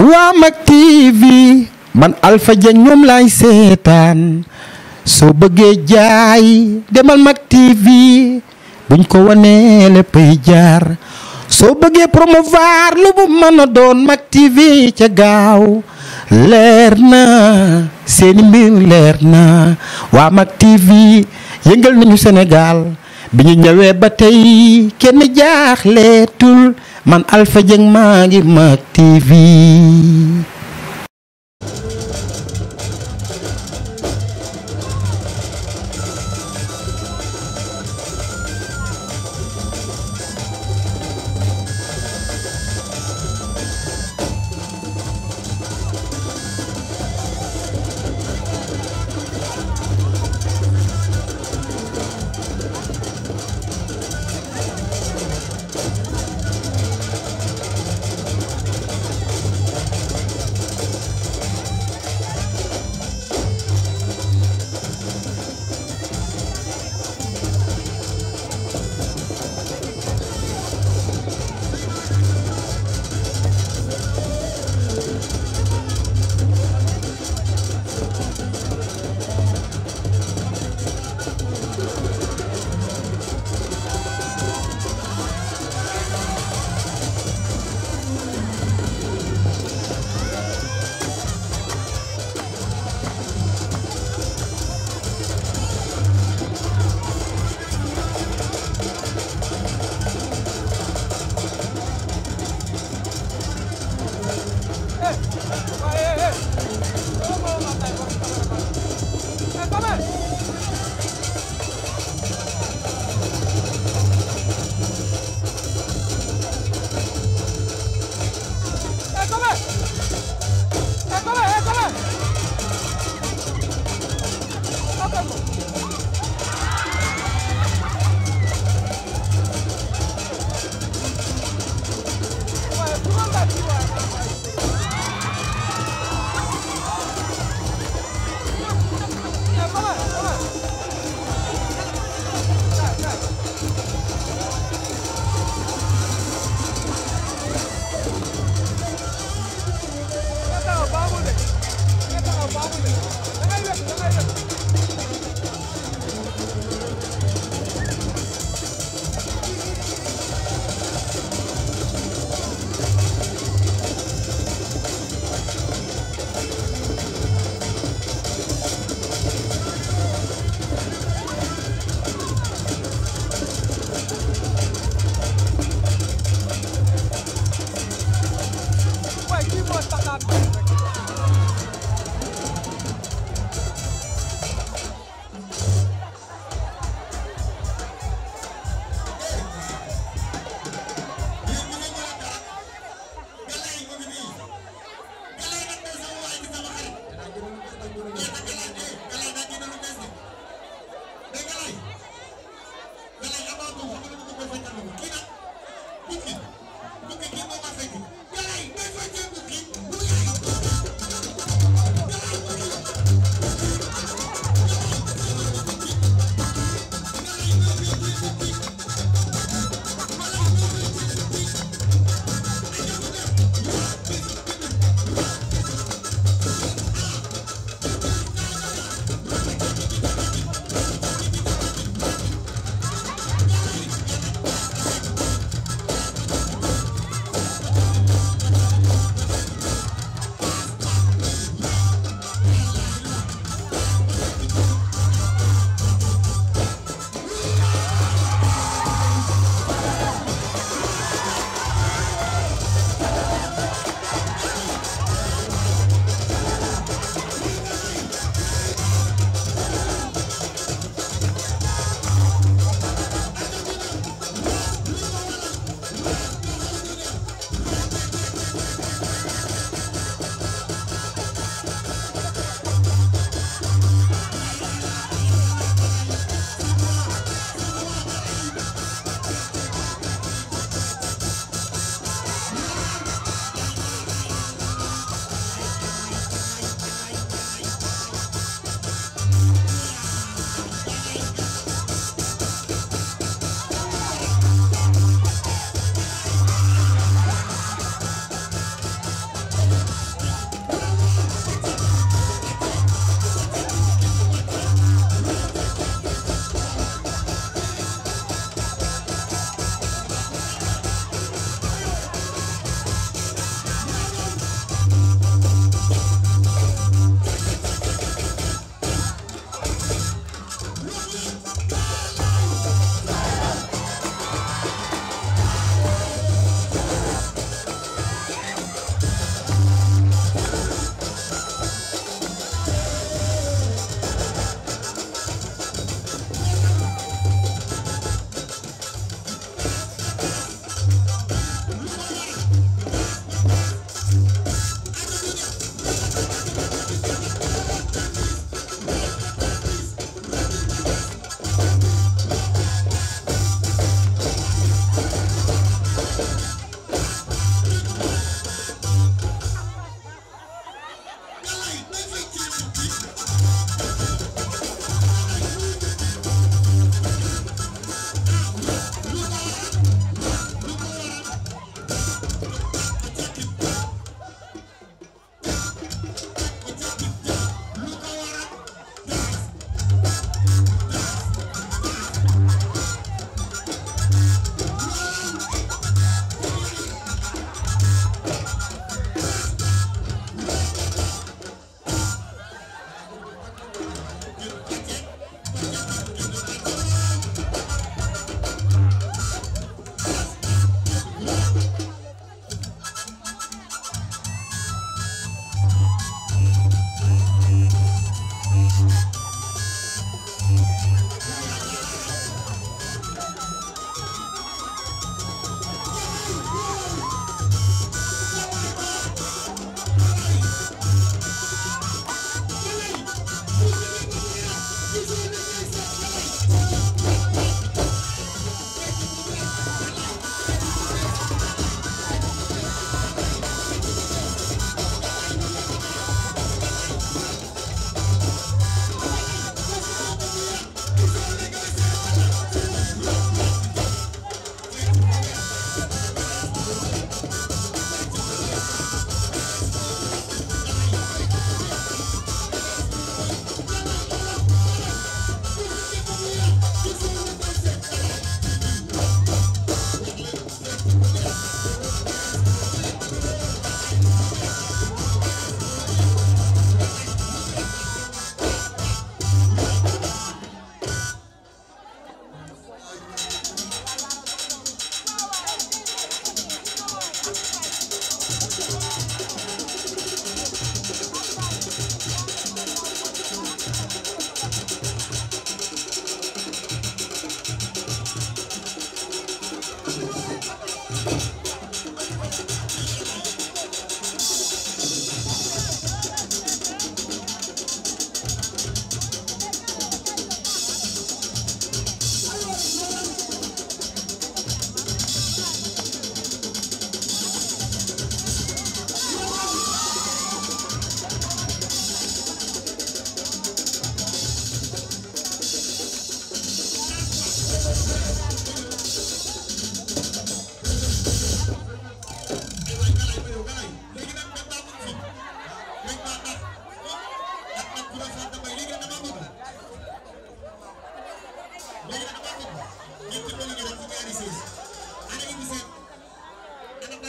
waa Mak TV man Alpha Dieng ñoom laay seetaan soo bëggee jaay demal Mak TV buñ ko wanee léppay jaar soo bëggee promouvoir lu bu mën a doon Mak TV ca gaaw leer na seeni mbir leer na waa Mak TV yëngal nañu senegaal bi ñu ñëwee ba tey kenn jaaxleetul man Alpha Dieng maa ngi Mak TV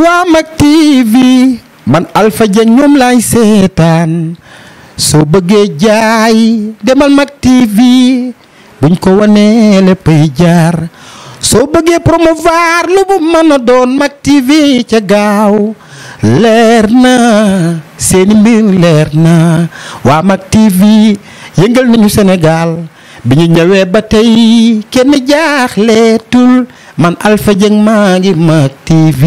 waa Mak TV man Alpha Dieng ñoom laay seetaan soo bëggee jaay demal Mak TV buñ ko wanee léppay jaar soo bëggee promouvoir lu bu mën a doon Mak TV ca gaaw leer na seeni mbir leer na waa Mak TV yëngal nañu Sénégal bi ñu ñëwee ba tey kenn jaaxleetul man Alpha Dieng maa ngi Mak TV